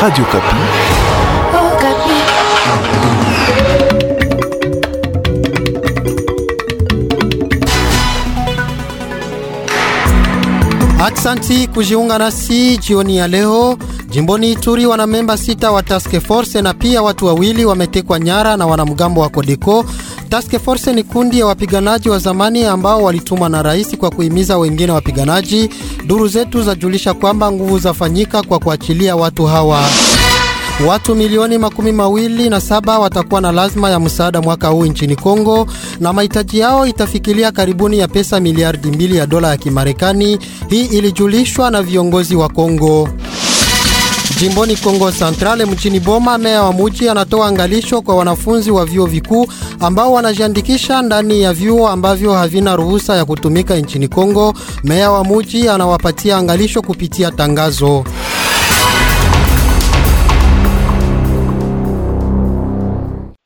Radio Kapi. Oh, Kapi. Aksanti kujiunga nasi jioni ya leo. Jimboni Ituri wana memba sita wa task force na pia watu wawili wametekwa nyara na wanamgambo wa Kodeko. Task force ni kundi ya wapiganaji wa zamani ambao walitumwa na rais kwa kuhimiza wengine wapiganaji. Duru zetu zajulisha kwamba nguvu zafanyika kwa kuachilia watu hawa. Watu milioni makumi mawili na saba watakuwa na lazima ya msaada mwaka huu nchini Kongo na mahitaji yao itafikilia karibuni ya pesa miliardi mbili ya dola ya Kimarekani. Hii ilijulishwa na viongozi wa Kongo. Jimboni Kongo Centrale mjini Boma, meya wa muji anatoa angalisho kwa wanafunzi wa vyuo vikuu ambao wanajiandikisha ndani ya vyuo ambavyo havina ruhusa ya kutumika nchini Kongo. Meya wa muji anawapatia angalisho kupitia tangazo.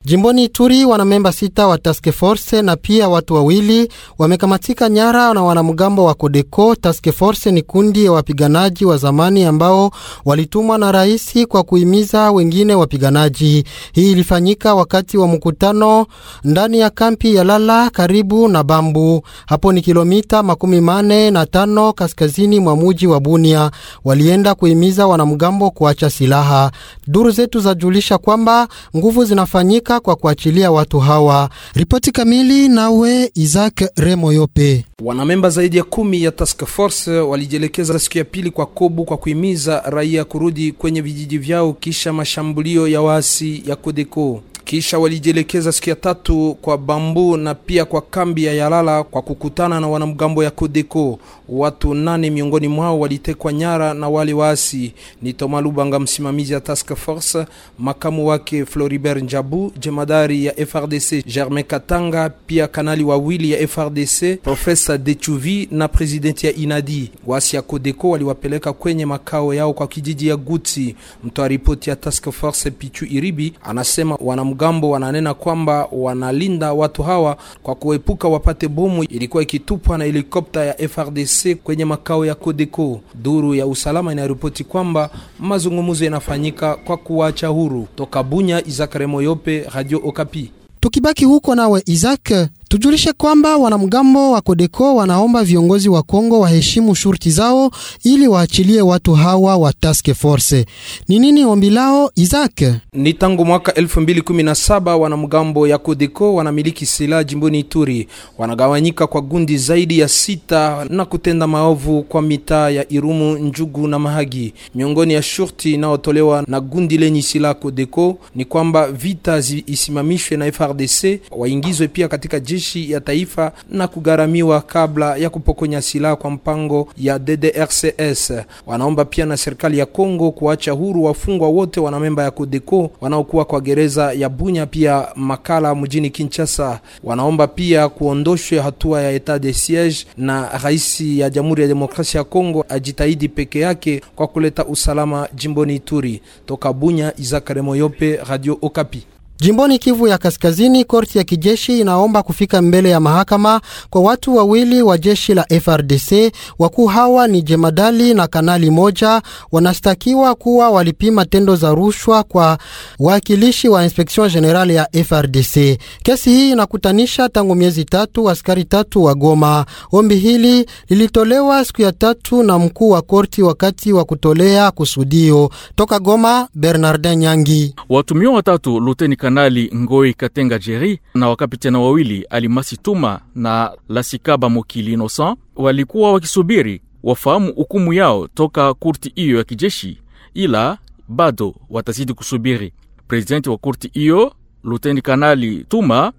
Jimboni Ituri wanamemba sita wa task force na pia watu wawili wamekamatika nyara na wanamgambo wa Kodeko. Task force ni kundi ya wapiganaji wa zamani ambao walitumwa na rais kwa kuhimiza wengine wapiganaji. Hii ilifanyika wakati wa mkutano ndani ya kampi ya Lala karibu na Bambu. Hapo ni kilomita makumi mane na tano kaskazini mwa muji wa Bunia. Walienda kuhimiza wanamgambo kuacha silaha. Duru zetu zajulisha kwamba nguvu zinafanyika kutumika kwa kuachilia watu hawa. Ripoti kamili nawe Isaac Remoyope. Wanamemba zaidi ya kumi ya task force walijielekeza siku ya pili kwa Kobu kwa kuhimiza raia kurudi kwenye vijiji vyao kisha mashambulio ya waasi ya Kodeko kisha walijielekeza siku ya tatu kwa Bambu na pia kwa kambi ya Yalala kwa kukutana na wanamgambo ya Kodeko. Watu nane miongoni mwao walitekwa nyara na wale waasi ni Toma Lubanga, msimamizi ya task force, makamu wake Floribert Njabu, jemadari ya FRDC Germain Katanga, pia kanali wawili ya FRDC Profesa Dechuvi na presidenti ya Inadi. Waasi ya Kodeko waliwapeleka kwenye makao yao kwa kijiji ya Guti. Mtoa ripoti ya task force Pichu Iribi anasema wanam wanamgambo wananena kwamba wanalinda watu hawa kwa kuepuka wapate bomu ilikuwa ikitupwa na helikopta ya FRDC kwenye makao ya Codeco. Duru ya usalama inaripoti kwamba mazungumzo yanafanyika kwa kuwacha huru. Toka Bunya, Isaac Remoyope, Radio Okapi. Tukibaki huko nawe Isaac Tujulishe kwamba wanamgambo wa Kodeko wanaomba viongozi wa Kongo waheshimu shurti zao ili waachilie watu hawa wa task force. Ni nini ombi lao, Isaac? Ni tangu mwaka 2017 wanamgambo ya Kodeko wanamiliki silaha jimboni Ituri, wanagawanyika kwa gundi zaidi ya sita na kutenda maovu kwa mitaa ya Irumu, Njugu na Mahagi. Miongoni ya shurti inayotolewa na gundi lenye silaha Kodeko ni kwamba vita isimamishwe na FRDC, waingizwe pia katika jeshi majeshi ya taifa na kugharamiwa kabla ya kupokonya silaha kwa mpango ya DDRCS. Wanaomba pia na serikali ya Kongo kuacha huru wafungwa wote wanamemba ya Kodeko wanaokuwa kwa gereza ya Bunya pia Makala mjini Kinshasa. Wanaomba pia kuondoshwe hatua ya etat de siege na rais ya Jamhuri ya Demokrasia ya Kongo ajitahidi peke yake kwa kuleta usalama jimboni Ituri. Toka Bunya, Isaac Remoyope, Radio Okapi. Jimboni Kivu ya Kaskazini, korti ya kijeshi inaomba kufika mbele ya mahakama kwa watu wawili wa jeshi la FRDC. Wakuu hawa ni jemadali na kanali moja, wanastakiwa kuwa walipima tendo za rushwa kwa wakilishi wa inspektion generale ya FRDC. Kesi hii inakutanisha tangu miezi tatu askari tatu wa Goma. Ombi hili lilitolewa siku ya tatu na mkuu wa korti wakati wa kutolea kusudio. Toka Goma, Bernardin Nyangi. Watumio watatu luteni Kanali Ngoi Katenga Jeri na wakapitana wawili Alimasi Tuma na Lasikaba Mokili Innocent walikuwa wakisubiri wafahamu hukumu yao toka kurti hiyo ya kijeshi, ila bado watazidi kusubiri. Prezidenti wa kurti hiyo Luteni Kanali Tuma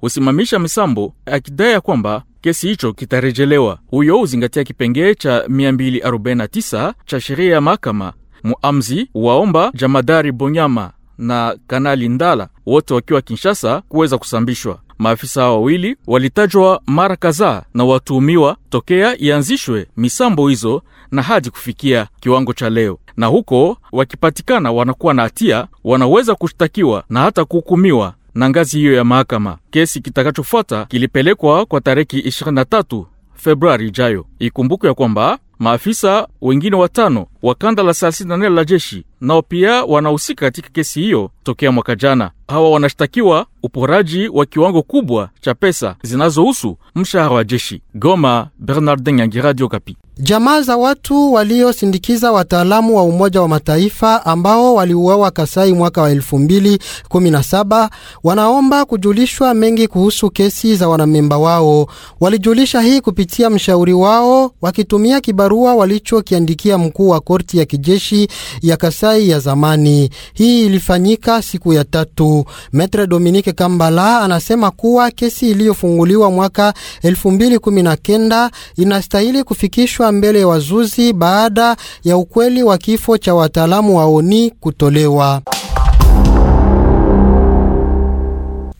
husimamisha misambo akidai ya kwamba kesi hicho kitarejelewa. Huyo uzingatia kipengee cha 249 cha sheria ya mahakama. Muamzi waomba jamadari Bonyama na Kanali Ndala, wote wakiwa Kinshasa kuweza kusambishwa. Maafisa hao wawili walitajwa mara kadhaa na watuhumiwa tokea ianzishwe misambo hizo na hadi kufikia kiwango cha leo, na huko wakipatikana wanakuwa na hatia, wanaweza kushtakiwa na hata kuhukumiwa na ngazi hiyo ya mahakama. Kesi kitakachofuata kilipelekwa kwa tariki 23 Februari ijayo. ikumbuku ya kwamba maafisa wengine watano wa kanda la 34 la jeshi nao pia wanahusika katika kesi hiyo tokea mwaka jana. Hawa wanashtakiwa uporaji wa kiwango kubwa cha pesa zinazohusu mshahara wa jeshi. Goma, Bernardin Nyangi, Radio Kapi. Jamaa za watu waliosindikiza wataalamu wa Umoja wa Mataifa ambao waliuawa Kasai mwaka wa 2017 wanaomba kujulishwa mengi kuhusu kesi za wanamemba wao. Walijulisha hii kupitia mshauri wao wakitumia kibarua walichokiandikia mkuu wa korti ya kijeshi ya Kasai Kasai ya zamani. Hii ilifanyika siku ya tatu. Metre Dominique Kambala anasema kuwa kesi iliyofunguliwa mwaka 2019 inastahili kufikishwa mbele ya wazuzi baada ya ukweli wa kifo cha wataalamu wa ONI kutolewa.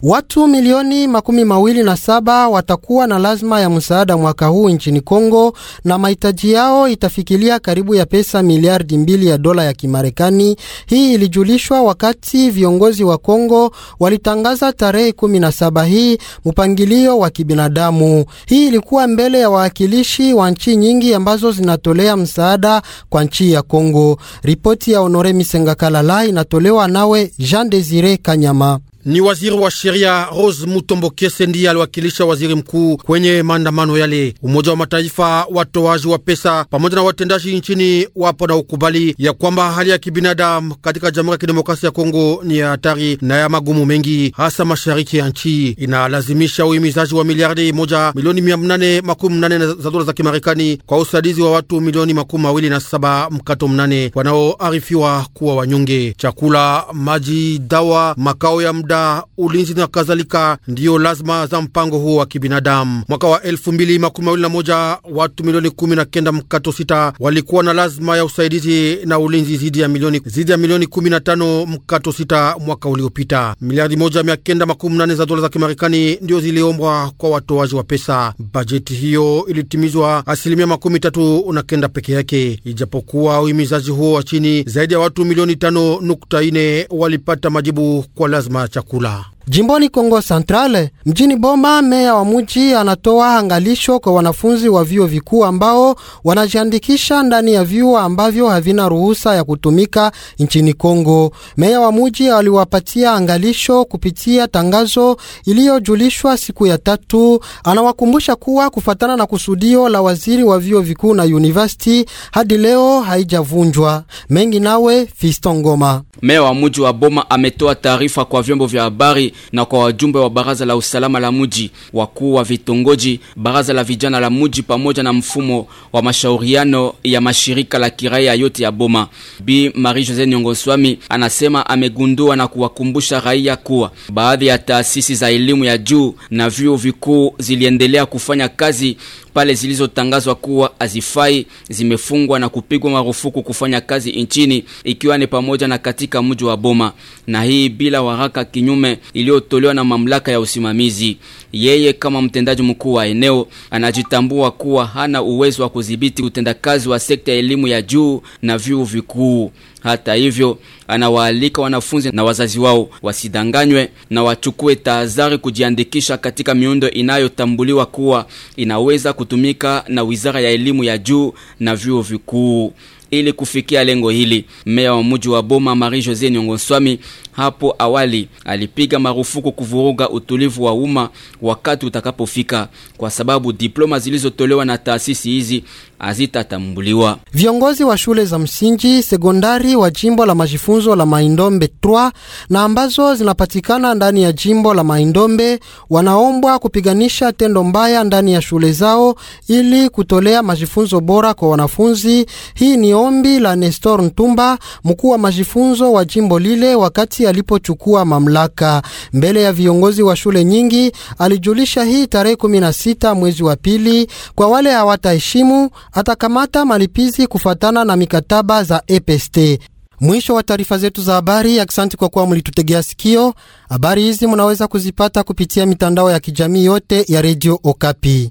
Watu milioni makumi mawili na saba watakuwa na lazima ya msaada mwaka huu nchini Kongo na mahitaji yao itafikilia karibu ya pesa miliardi mbili ya dola ya Kimarekani. Hii ilijulishwa wakati viongozi wa Kongo walitangaza tarehe kumi na saba hii mpangilio wa kibinadamu. Hii ilikuwa mbele ya wawakilishi wa nchi nyingi ambazo zinatolea msaada kwa nchi ya Kongo. Ripoti ya Honore misengakalala inatolewa nawe Jean Desire Kanyama. Ni waziri wa sheria Rose Mutombo Kese ndiye aliwakilisha waziri mkuu kwenye maandamano yale. Umoja wa Mataifa, watoaji wa pesa pamoja na watendaji nchini wapo na ukubali ya kwamba hali ya kibinadamu katika Jamhuri ya Kidemokrasia ya Kongo ni ya hatari na ya magumu mengi, hasa mashariki ya nchi. Inalazimisha uhimizaji wa miliardi moja milioni mia mnane makumi mnane za dola za Kimarekani kwa usaidizi wa watu milioni makumi mawili na saba mkato mnane wanaoarifiwa kuwa wanyonge. Chakula, maji, dawa, makao ya mda afya, ulinzi na kadhalika, ndiyo lazima za mpango huo wa kibinadamu. Mwaka wa moja watu milioni kenda mkato sita walikuwa na lazima ya usaidizi na ulinzi zidi ya milioni zidi ya milioni 15 mkato 6 mwaka uliopita. Miliardi nane za dola za Kimarekani ndiyo ziliombwa kwa watoaji wa pesa. Bajeti hiyo ilitimizwa asilimia makumi tatu na kenda peke yake, ijapokuwa uhimizaji huo wa chini, zaidi ya watu milioni ine walipata majibu kwa lazima chakula. 古啦。Jimboni Kongo Centrale, mjini Boma, meya wa muji anatoa angalisho kwa wanafunzi wa vyuo vikuu ambao wanajiandikisha ndani ya vyuo ambavyo havina ruhusa ya kutumika nchini Kongo. Meya wa muji aliwapatia angalisho kupitia tangazo iliyojulishwa siku ya tatu. Anawakumbusha kuwa kufatana na kusudio la waziri wa vyuo vikuu na university hadi leo haijavunjwa. Mengi nawe Fiston Ngoma. Meya wa muji wa Boma ametoa taarifa kwa vyombo vya habari na kwa wajumbe wa baraza la usalama la muji, wakuu wa vitongoji, baraza la vijana la muji pamoja na mfumo wa mashauriano ya mashirika la kiraia yote ya Boma. Bi Marie Jose Nyongoswami anasema amegundua na kuwakumbusha raia kuwa baadhi ya taasisi za elimu ya juu na vyuo vikuu ziliendelea kufanya kazi pale zilizotangazwa kuwa azifai zimefungwa na kupigwa marufuku kufanya kazi nchini, ikiwa ni pamoja na katika mji wa Boma, na hii bila waraka kinyume iliyotolewa na mamlaka ya usimamizi. Yeye kama mtendaji mkuu wa eneo anajitambua kuwa hana uwezo wa kudhibiti utendakazi wa sekta ya elimu ya juu na vyuo vikuu. Hata hivyo, anawaalika wanafunzi na wazazi wao wasidanganywe na wachukue tahadhari kujiandikisha katika miundo inayotambuliwa kuwa inaweza kutumika na Wizara ya Elimu ya Juu na vyuo vikuu ili kufikia lengo hili. Meya wa mji wa Boma Marie Jose Nyongoswami hapo awali alipiga marufuku kuvuruga utulivu wa umma wakati utakapofika, kwa sababu diploma zilizotolewa na taasisi hizi hazitatambuliwa. Viongozi wa shule za msingi sekondari wa jimbo la majifunzo la Maindombe 3 na ambazo zinapatikana ndani ya jimbo la Maindombe wanaombwa kupiganisha tendo mbaya ndani ya shule zao ili kutolea majifunzo bora kwa wanafunzi. Hii ni ombi la Nestor Ntumba, mkuu wa majifunzo wa jimbo lile, wakati alipochukua mamlaka mbele ya viongozi wa shule nyingi. Alijulisha hii tarehe 16 mwezi wa pili, kwa wale hawataheshimu atakamata malipizi kufatana na mikataba za EPST. Mwisho wa taarifa zetu za habari. Aksanti kwa kuwa mlitutegea sikio. Habari hizi munaweza kuzipata kupitia mitandao ya kijamii yote ya Redio Okapi.